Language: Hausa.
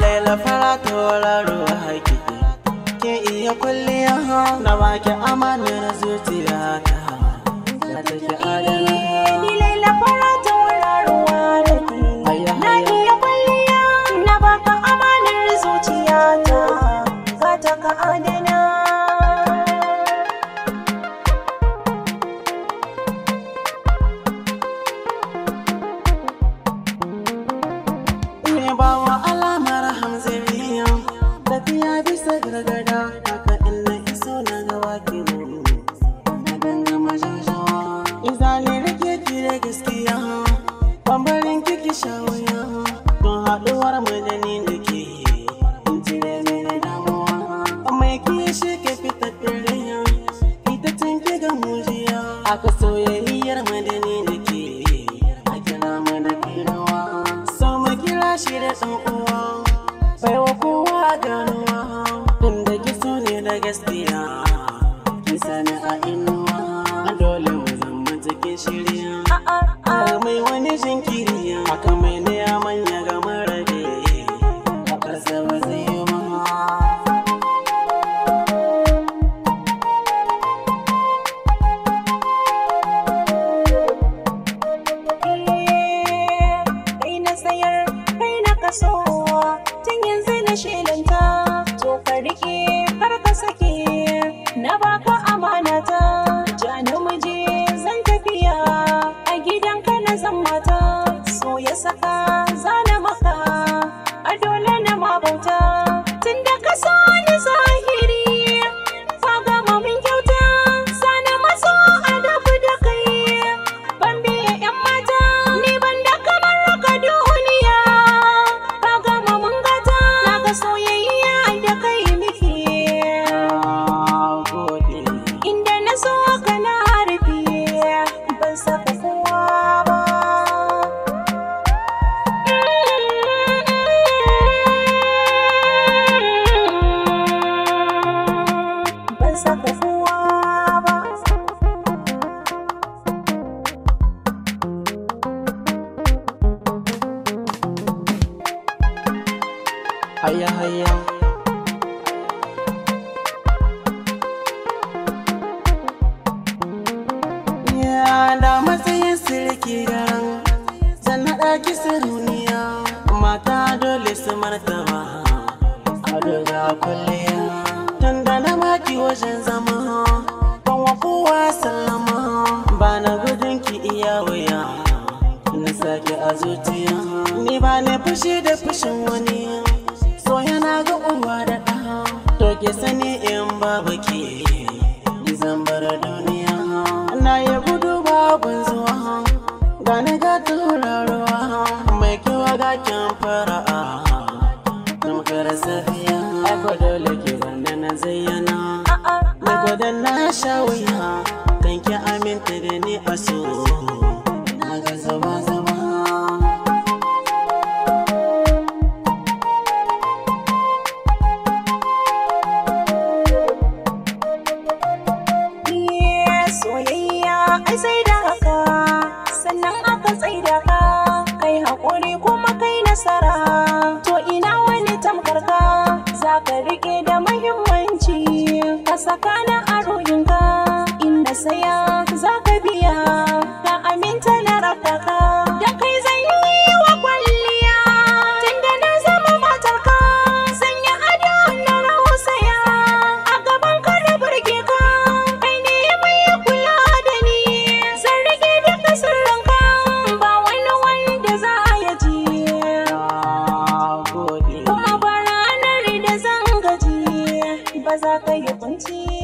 laila fara tauraro haƙi ke iya kulliya na baki amanar zuciya ta ta take adana ni laila fara tauraro haƙi na iya kulliya na baka amanar zuciya ta za ta ka adana Bye. ji shawaya don haɗuwar mu da ni da ke in cire mini damuwa mai kishi ke fitar da raya ita tun ke ga mujiya aka soyayyar mu da ni da ke a kira mu da kirawa so mu kira shi da ɗan uwa bai wa kowa ganuwa inda ki so ne da gaskiya ki sani a ka sake na baka amanata, ta ja namiji zan tafiya a gidanka na zan mata so ya saka haya haya ya matsayin sirki yaran zan haɗa ki mata dole su martaba a daga na maki wajen zama ban wa sallama ba na gudun ki iya wuya na sake a zuciya ni ba ne fushi da fushin wani idan babu ke bara duniya na ya gudu babun zuwa gani ga turaruwa mai kiwa ga kyan fara'a tamkar safiya ko dole ke wanda na zayyana na gwada na sha wuya kan ki aminta da ni a so sai da haka sannan aka tsaida ka kai haƙuri kuma kai nasara to ina wani tamkar ka za ka riƙe ba za ka yi kunci